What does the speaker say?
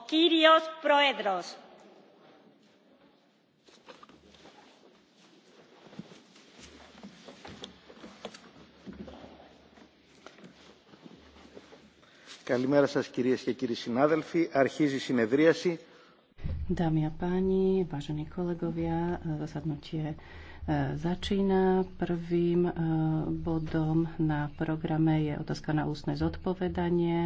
Kyrios Proedros. Καλημέρα σας κυρίες και κύριοι συνάδελφοι. Αρχίζει η συνεδρίαση. Dámy a páni, vážení kolegovia, zasadnutie začína. Prvým bodom na programe je otázka na ústne zodpovedanie.